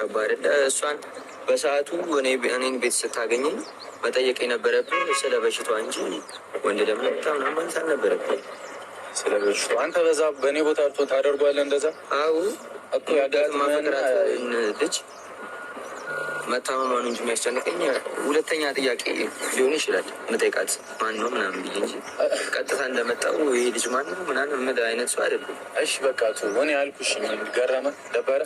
ከባድ እሷን በሰዓቱ እኔን ቤት ስታገኝ መጠየቅ የነበረብን ስለ በሽቷ እንጂ ወንድ ደግሞ በጣም ናማንስ አልነበረብን። ስለ በሽቷ አንተ በዛ በእኔ ቦታ ልቶ ታደርጓለ እንደዛ። አዎ እኮ ማፈቅራት ልጅ መታመማኑ እንጂ የሚያስጨንቀኝ ሁለተኛ ጥያቄ ሊሆን ይችላል። መጠይቃት ማን ነው ምናምን ብዬ እንጂ ቀጥታ እንደመጣው ይሄ ልጅ ማን ነው ምናምን ምድ አይነት ሰው አይደለም። እሺ በቃ እኔ አልኩሽ ገረመ ደበረ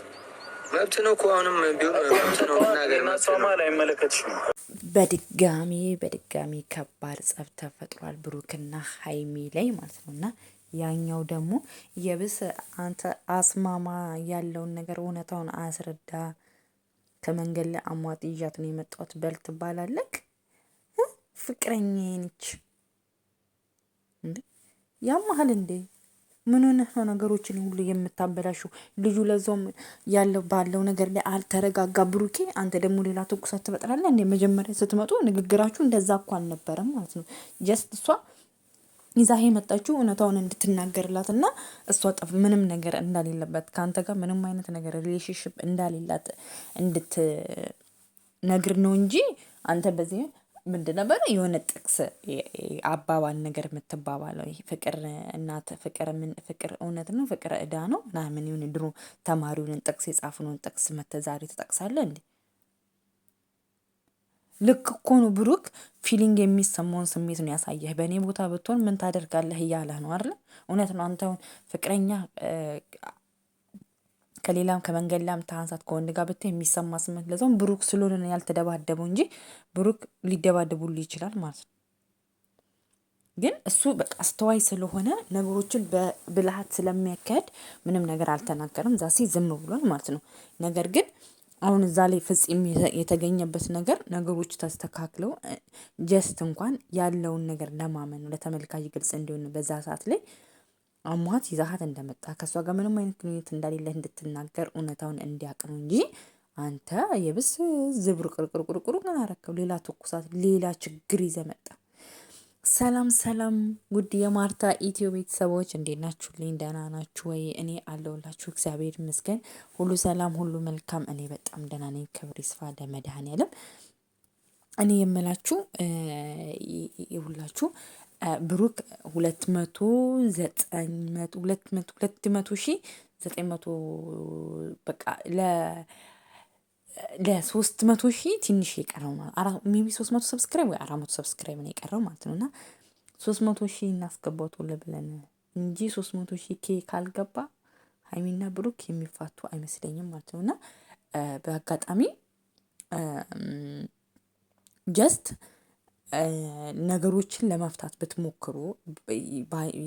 መብት ነው እኮ አሁንም ቢሆን ነው በድጋሚ በድጋሚ ከባድ ጸብ ተፈጥሯል ብሩክና ሀይሚ ላይ ማለት ነው እና ያኛው ደግሞ የብስ አንተ አስማማ ያለውን ነገር እውነታውን አስረዳ ከመንገድ ላይ አሟጥ ይዣት ነው የመጣሁት በል ትባላለህ ፍቅረኛ ነች እንዴ ያመሃል እንዴ ምን ሆነህ ነው ነገሮችን ሁሉ የምታበላሽው? ልጁ ለዛውም ያለው ባለው ነገር ላይ አልተረጋጋ። ብሩኬ አንተ ደግሞ ሌላ ትኩሳት ትፈጥራለህ። እንደ መጀመሪያ ስትመጡ ንግግራችሁ እንደዛ እኮ አልነበረም ማለት ነው። ጀስት እሷ ይዛ የመጣችው እውነታውን እንድትናገርላት እና እሷ ጠፍ ምንም ነገር እንዳሌለበት ከአንተ ጋር ምንም አይነት ነገር ሪሌሽንሽፕ እንዳሌላት እንድትነግር ነው እንጂ አንተ በዚህ ምንድን ነበረ የሆነ ጥቅስ አባባል ነገር የምትባባለው ፍቅር እናት ፍቅር ምን ፍቅር እውነት ነው ፍቅር እዳ ነው ምናምን የሆነ ድሮ ተማሪውን ጥቅስ የጻፍነውን ጥቅስ መተዛሪ ትጠቅሳለህ እንዴ? ልክ እኮ ነው ብሩክ። ፊሊንግ የሚሰማውን ስሜት ነው ያሳየህ። በእኔ ቦታ ብትሆን ምን ታደርጋለህ እያለህ ነው አለ። እውነት ነው። አንተውን ፍቅረኛ ከሌላም ከመንገድ ላም ታንሳት ከወንድ ጋር ብታይ የሚሰማ ስሜት ለዛውም ብሩክ ስለሆነ ያልተደባደበው እንጂ ብሩክ ሊደባደቡሉ ይችላል ማለት ነው። ግን እሱ በቃ አስተዋይ ስለሆነ ነገሮችን በብልሃት ስለሚያካሄድ ምንም ነገር አልተናገርም። ዛሴ ዝም ብሏል ማለት ነው። ነገር ግን አሁን እዛ ላይ ፍጽም የተገኘበት ነገር ነገሮች ተስተካክለው ጀስት እንኳን ያለውን ነገር ለማመን ለተመልካች ግልጽ እንዲሆን በዛ ሰዓት ላይ አሟት ይዛሃት እንደመጣ ከእሷ ጋር ምንም አይነት ግንኙነት እንደሌለህ እንድትናገር እውነታውን እንዲያውቅ ነው እንጂ አንተ የብስ ዝብርቅርቅርቅርቅሩ ግን አረከው? ሌላ ትኩሳት፣ ሌላ ችግር ይዘ መጣ። ሰላም ሰላም፣ ውድ የማርታ ኢትዮ ቤተሰቦች እንዴት ናችሁልኝ? ደህና ናችሁ ወይ? እኔ አለሁላችሁ፣ እግዚአብሔር ይመስገን። ሁሉ ሰላም፣ ሁሉ መልካም። እኔ በጣም ደህና ነኝ። ክብር ይስፋ ለመድኃኔዓለም። እኔ የምላችሁ ሁላችሁ ብሩክ ሁለት መቶ ዘጠኝ መቶ ሁለት መቶ ሁለት መቶ ሺህ ዘጠኝ መቶ በቃ ለ ለሶስት መቶ ሺህ ትንሽ የቀረው ማለት ሜቢ ሶስት መቶ ሰብስክራይብ ወይ አራት መቶ ሰብስክራይብ ነው የቀረው ማለት ነው። እና ሶስት መቶ እናስገባው ቶሎ ብለን እንጂ ሶስት መቶ ኬ ካልገባ ሀይሚና ብሩክ የሚፋቱ አይመስለኝም ማለት ነው። እና በአጋጣሚ ጀስት ነገሮችን ለመፍታት ብትሞክሩ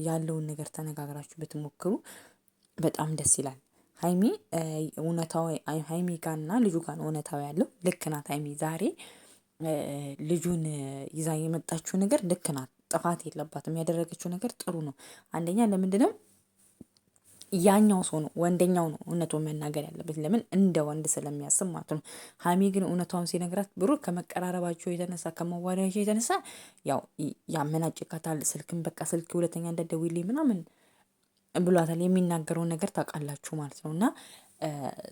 ያለውን ነገር ተነጋግራችሁ ብትሞክሩ በጣም ደስ ይላል። ሀይሚ እውነታዊ ሀይሚ ጋና ልጁ ጋን ነው ያለው ልክ ናት ሀይሚ ዛሬ ልጁን ይዛ የመጣችው ነገር ልክ ናት ጥፋት የለባትም ያደረገችው ነገር ጥሩ ነው። አንደኛ ለምንድነው ያኛው ሰው ነው ወንደኛው ነው እውነቱን መናገር ያለበት፣ ለምን እንደ ወንድ ስለሚያስብ ማለት ነው። ሀሚ ግን እውነቷን ሲነግራት ብሩ ከመቀራረባቸው የተነሳ ከመዋሪያቸው የተነሳ ያው ያመናጭካታል። ስልክን በቃ ስልክ ሁለተኛ እንዳትደውይልኝ ምናምን ብሏታል። የሚናገረውን ነገር ታውቃላችሁ ማለት ነው እና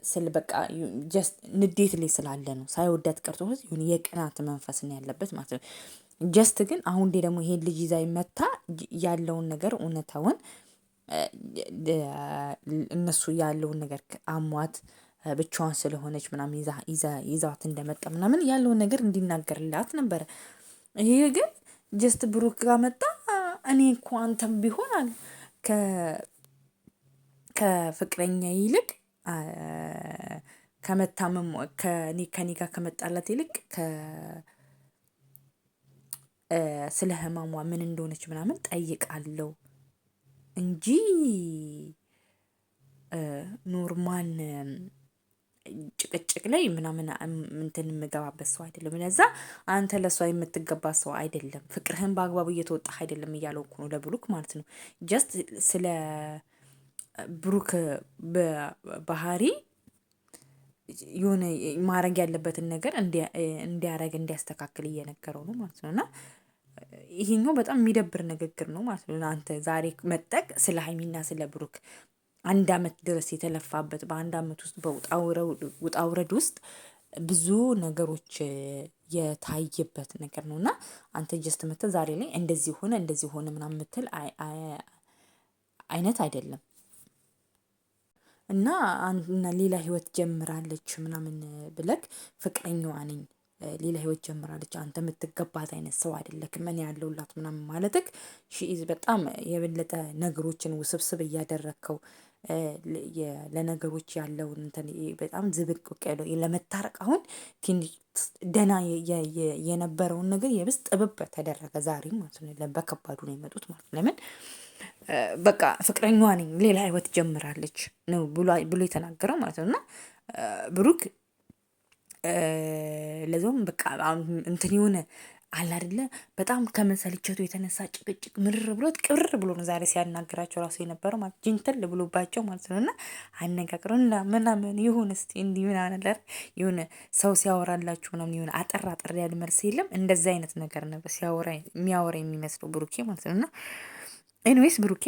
ስል በቃ ጀስት ንዴት ላይ ስላለ ነው ሳይወዳት ቀርቶ ሆን የቅናት መንፈስ ነው ያለበት ማለት ነው። ጀስት ግን አሁን ዴ ደግሞ ይሄን ልጅ ይዛ መታ ያለውን ነገር እውነታውን እነሱ ያለውን ነገር አሟት ብቻዋን ስለሆነች ምናምን ይዛት እንደመጣ ምናምን ያለውን ነገር እንዲናገርላት ነበረ። ይሄ ግን ጀስት ብሩክ ጋር መጣ። እኔ እኮ አንተም ቢሆን አለ ከፍቅረኛ ይልቅ ከመታመም ከኔ ከኔ ጋር ከመጣላት ይልቅ ስለ ህማሟ ምን እንደሆነች ምናምን ጠይቃለሁ እንጂ ኖርማል ጭቅጭቅ ላይ ምናምን እንትን የምገባበት ሰው አይደለም። ለዛ አንተ ለእሷ የምትገባ ሰው አይደለም፣ ፍቅርህን በአግባቡ እየተወጣህ አይደለም እያለው እኮ ነው ለብሩክ ማለት ነው። ጀስት ስለ ብሩክ ባህሪ የሆነ ማድረግ ያለበትን ነገር እንዲያረግ እንዲያስተካክል እየነገረው ነው ማለት ነው እና ይሄኛው በጣም የሚደብር ንግግር ነው ማለት ነው። ለአንተ ዛሬ መጠቅ ስለ ሀይሚና ስለ ብሩክ አንድ አመት ድረስ የተለፋበት በአንድ አመት ውስጥ በውጣውረድ ውስጥ ብዙ ነገሮች የታየበት ነገር ነው እና አንተ ጀስት መተ ዛሬ ላይ እንደዚህ ሆነ እንደዚህ ሆነ ምናምን የምትል አይነት አይደለም እና ሌላ ህይወት ጀምራለች ምናምን ብለክ ፍቅረኛዋ ነኝ ሌላ ህይወት ጀምራለች። አንተ የምትገባት አይነት ሰው አይደለክም፣ እኔ ያለውላት ምናምን ማለትክ ሺኢዝ በጣም የበለጠ ነገሮችን ውስብስብ እያደረግከው ለነገሮች ያለውን በጣም ዝብቅቅ ያለው ለመታረቅ አሁን ደና የነበረውን ነገር የብስ ጥብብ ተደረገ። ዛሬ ማለት ነው በከባዱ ነው የመጡት ማለት ለምን በቃ ፍቅረኛዋ ነኝ ሌላ ህይወት ጀምራለች ነው ብሎ የተናገረው ማለት ነው እና ብሩክ ለዚም በቃ እንትን የሆነ አለ አይደለ በጣም ከመሰልቸቱ የተነሳ ጭቅጭቅ ምርር ብሎት ቅብር ብሎ ነው ዛሬ ሲያናግራቸው ራሱ የነበረው ማለት ጅንተል ብሎባቸው ማለት ነው። እና አነጋግረው እና ምናምን የሆነ ስ እንዲህ ምናምን የሆነ ሰው ሲያወራላችሁ ምናምን የሆነ አጠር አጠር ያለ መልስ የለም እንደዚ አይነት ነገር ነበር ሲያወራ የሚያወራ የሚመስለው ብሩኬ ማለት ነው። እና ኤኒዌይስ ብሩኬ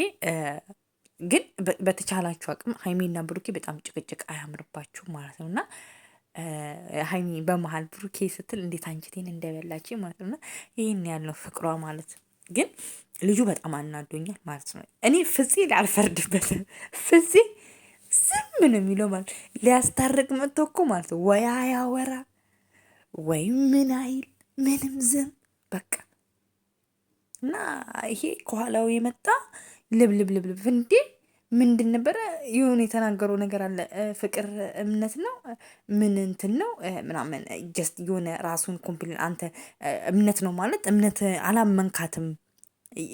ግን በተቻላችሁ አቅም ሀይሜና ብሩኬ በጣም ጭቅጭቅ አያምርባችሁ ማለት ነው እና ሀይሚ በመሀል ብሩኬ ስትል እንዴት አንጀቴን እንደበላች ማለት ነው። ይህን ያለው ፍቅሯ ማለት ግን ልጁ በጣም አናዶኛል ማለት ነው። እኔ ፍጼ ላልፈርድበትም ፍጼ ዝም ነው የሚለው ማለት ሊያስታርቅ መጥቶ እኮ ማለት ነው። ወይ አያወራ ወይ ምን አይል ምንም ዝም በቃ እና ይሄ ከኋላው የመጣ ልብልብልብልብ እንዴ ምንድን ነበረ ይሁን የተናገረው ነገር አለ። ፍቅር እምነት ነው ምን እንትን ነው ምናምን ጀስት የሆነ ራሱን ኮምፕሊን አንተ እምነት ነው ማለት እምነት አላመንካትም፣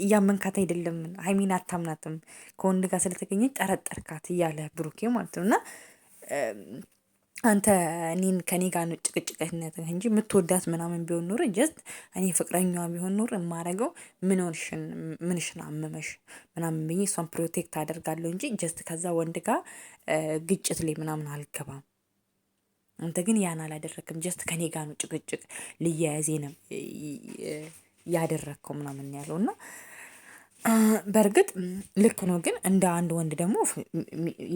እያመንካት አይደለም፣ ሀይሚን አታምናትም፣ ከወንድ ጋር ስለተገኘ ጠረጠርካት እያለ ብሩኬ ማለት ነው እና አንተ እኔን ከኔ ጋር ነው ጭቅጭቅነትህ እንጂ የምትወዳት ምናምን ቢሆን ኖር ጀስት እኔ ፍቅረኛዋ ቢሆን ኖር የማደርገው ምንሽን ምንሽን አመመሽ ምናምን ብዬ እሷን ፕሮቴክት አደርጋለሁ እንጂ ጀስት ከዛ ወንድ ጋር ግጭት ላይ ምናምን አልገባም። አንተ ግን ያን አላደረግም። ጀስት ከኔ ጋር ነው ጭቅጭቅ ልያያዜ ነው ያደረግከው ምናምን ያለው እና በእርግጥ ልክ ነው። ግን እንደ አንድ ወንድ ደግሞ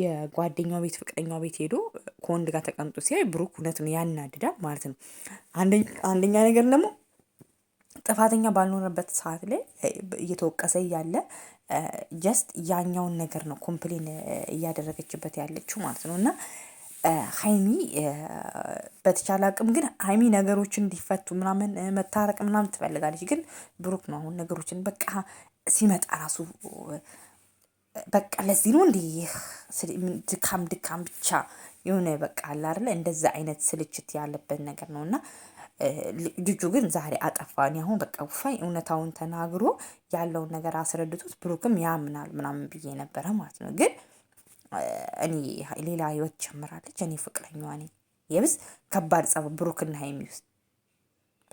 የጓደኛው ቤት ፍቅረኛው ቤት ሄዶ ከወንድ ጋር ተቀምጦ ሲያይ ብሩክ ነው ያናድዳል ማለት ነው። አንደኛ ነገር ደግሞ ጥፋተኛ ባልኖረበት ሰዓት ላይ እየተወቀሰ እያለ ጀስት ያኛውን ነገር ነው ኮምፕሌን እያደረገችበት ያለችው ማለት ነው እና ሀይሚ በተቻለ አቅም ግን ሀይሚ ነገሮችን እንዲፈቱ ምናምን መታረቅ ምናምን ትፈልጋለች። ግን ብሩክ ነው አሁን ነገሮችን በቃ ሲመጣ ራሱ በቃ ለዚህ ነው እንዲህ ድካም ድካም ብቻ የሆነ በቃ አለ አይደለ እንደዛ አይነት ስልችት ያለበት ነገር ነው እና ልጁ ግን ዛሬ አጠፋን አሁን በቃ ውፋኝ እውነታውን ተናግሮ ያለውን ነገር አስረድቶት ብሩክም ያምናል ምናምን ብዬ ነበረ ማለት ነው። ግን እኔ ሌላ ህይወት ጀምራለች። እኔ ፍቅረኛዋ ነኝ። የብስ ከባድ ጸብ ብሩክና ሀይሚ ውስጥ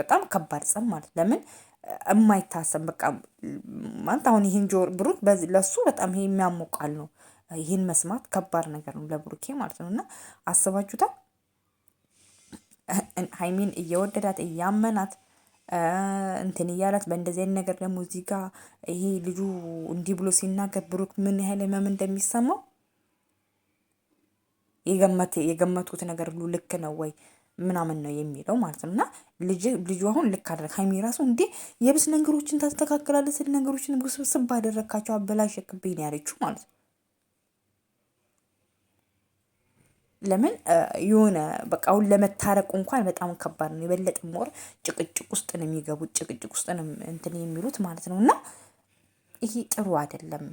በጣም ከባድ ጸብ ማለት ለምን የማይታሰብ በቃ ማለት አሁን ይህን ጆሮ ብሩክ ለሱ በጣም ይሄ የሚያሞቃል ነው። ይህን መስማት ከባድ ነገር ነው ለብሩኬ ማለት ነው። እና አስባችሁታል ሀይሚን እየወደዳት እያመናት እንትን እያላት በእንደዚህ አይነት ነገር ለሙዚቃ ይሄ ልጁ እንዲህ ብሎ ሲናገር ብሩክ ምን ያህል ህመም እንደሚሰማው የገመትኩት ነገር ሁሉ ልክ ነው ወይ? ምናምን ነው የሚለው ማለት ነው። እና ልጁ አሁን ልክ አደረግ ሀይሚ ራሱ እንዴ የብስ ነገሮችን ታስተካክላለ ስል ነገሮችን ስብስብ ባደረግካቸው አበላሸክብኝ ነው ያለችው ማለት ነው። ለምን የሆነ በቃ አሁን ለመታረቁ እንኳን በጣም ከባድ ነው። የበለጠ ሞር ጭቅጭቅ ውስጥ ነው የሚገቡት፣ ጭቅጭቅ ውስጥ ነው እንትን የሚሉት ማለት ነው። እና ይሄ ጥሩ አይደለም።